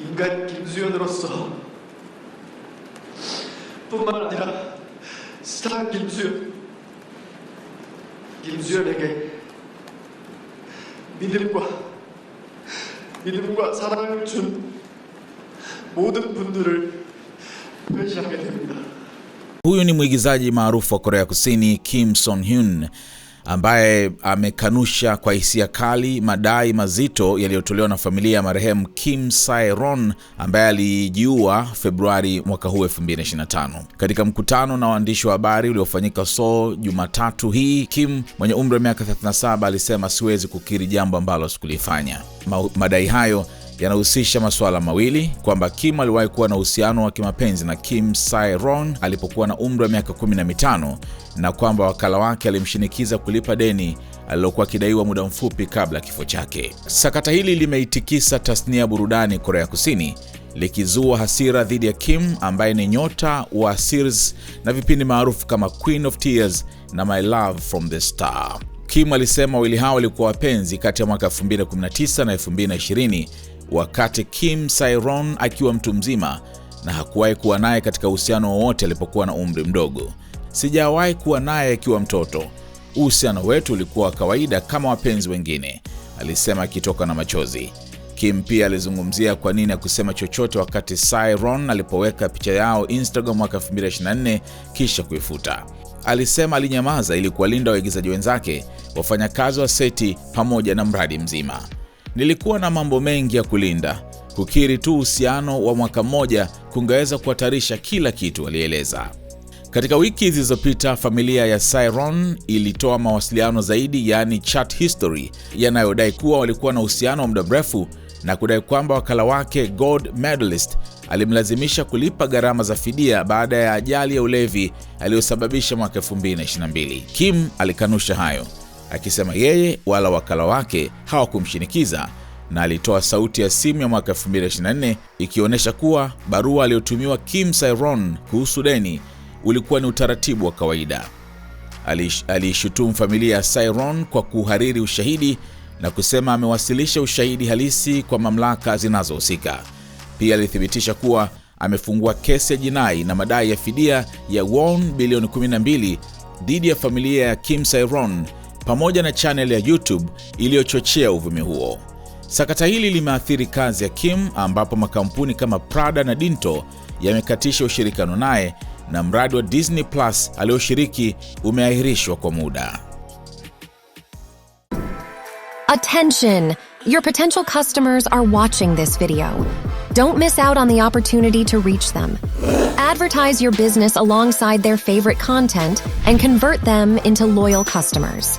인간 김수현으로서 뿐만 아니라 스타 김수현 김수현에게 믿음과 믿음과 사랑을 준 모든 분들을 회시하게 됩니다. Huyu ni mwigizaji maarufu wa Korea Kusini Kim Son Hyun ambaye amekanusha kwa hisia kali madai mazito yaliyotolewa na familia ya marehemu Kim Saeron ambaye alijiua Februari mwaka huu 2025. Katika mkutano na waandishi wa habari uliofanyika Seoul Jumatatu hii, Kim mwenye umri wa miaka 37 alisema, siwezi kukiri jambo ambalo sikulifanya. Madai hayo yanahusisha masuala mawili kwamba Kim aliwahi kuwa na uhusiano wa kimapenzi na Kim sae alipokuwa na umri wa miaka 15 na kwamba wakala wake alimshinikiza kulipa deni alilokuwa akidaiwa muda mfupi kabla kifo chake. Sakata hili limeitikisa tasnia ya burudani Korea Kusini likizua hasira dhidi ya Kim ambaye ni nyota wa sirs na vipindi maarufu kama Queen of Tears na My Love from the Star. Kim alisema wawili hao walikuwa wapenzi kati ya mwaka 219 na 220 wakati Kim Sairon akiwa mtu mzima na hakuwahi kuwa naye katika uhusiano wowote alipokuwa na umri mdogo. Sijawahi kuwa naye akiwa mtoto. Uhusiano wetu ulikuwa wa kawaida kama wapenzi wengine, alisema akitoka na machozi. Kim pia alizungumzia kwa nini kusema chochote wakati Sairon alipoweka picha yao Instagram mwaka 2024 kisha kuifuta. Alisema alinyamaza ili kuwalinda waigizaji wenzake, wafanyakazi wa seti pamoja na mradi mzima. Nilikuwa na mambo mengi ya kulinda. Kukiri tu uhusiano wa mwaka mmoja kungeweza kuhatarisha kila kitu, alieleza. Katika wiki zilizopita familia ya Siron ilitoa mawasiliano zaidi, yaani chat history, yanayodai kuwa walikuwa na uhusiano wa muda mrefu na kudai kwamba wakala wake Gold Medalist alimlazimisha kulipa gharama za fidia baada ya ajali ya ulevi aliyosababisha mwaka 2022. Kim alikanusha hayo akisema yeye wala wakala wake hawakumshinikiza na alitoa sauti ya simu ya mwaka 2024 ikionyesha kuwa barua aliyotumiwa Kim Sairon kuhusu deni ulikuwa ni utaratibu wa kawaida. Aliishutumu familia ya Sairon kwa kuhariri ushahidi na kusema amewasilisha ushahidi halisi kwa mamlaka zinazohusika. Pia alithibitisha kuwa amefungua kesi ya jinai na madai ya fidia ya won bilioni 12 dhidi ya familia ya Kim Sairon pamoja na chaneli ya YouTube iliyochochea uvumi huo. Sakata hili limeathiri kazi ya Kim, ambapo makampuni kama Prada na Dinto yamekatisha ushirikiano naye na mradi wa Disney Plus alioshiriki umeahirishwa kwa muda. Attention, your potential customers are watching this video. Don't miss out on the opportunity to reach them. Advertise your business alongside their favorite content and convert them into loyal customers.